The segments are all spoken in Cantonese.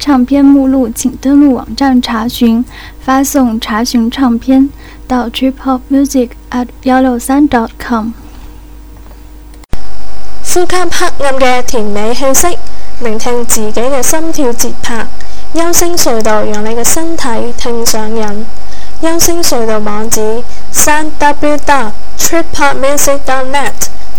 唱片目錄，請登錄網站查詢。發送查詢唱片到 tripopmusic@ 幺六三 .com。呼吸黑暗嘅甜美氣息，聆聽自己嘅心跳節拍。幽聲隧道讓你嘅身體聽上癮。幽聲隧道網址：三 w w tripopmusic.net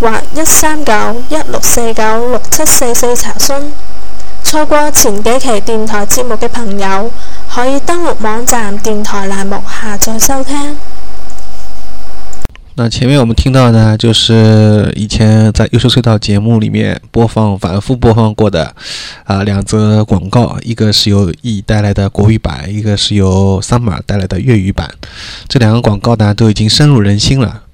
或一三九一六四九六七四四查詢。錯過前幾期電台節目嘅朋友，可以登錄網站電台欄目下載收聽。那前面我們聽到的呢，就是以前在幽聲隧道節目裏面播放、反覆播放過的，啊、呃，兩則廣告，一個是由 E 帶來的國語版，一個是由 Sammy 帶來的粵語版。這兩個廣告呢，都已經深入人心了。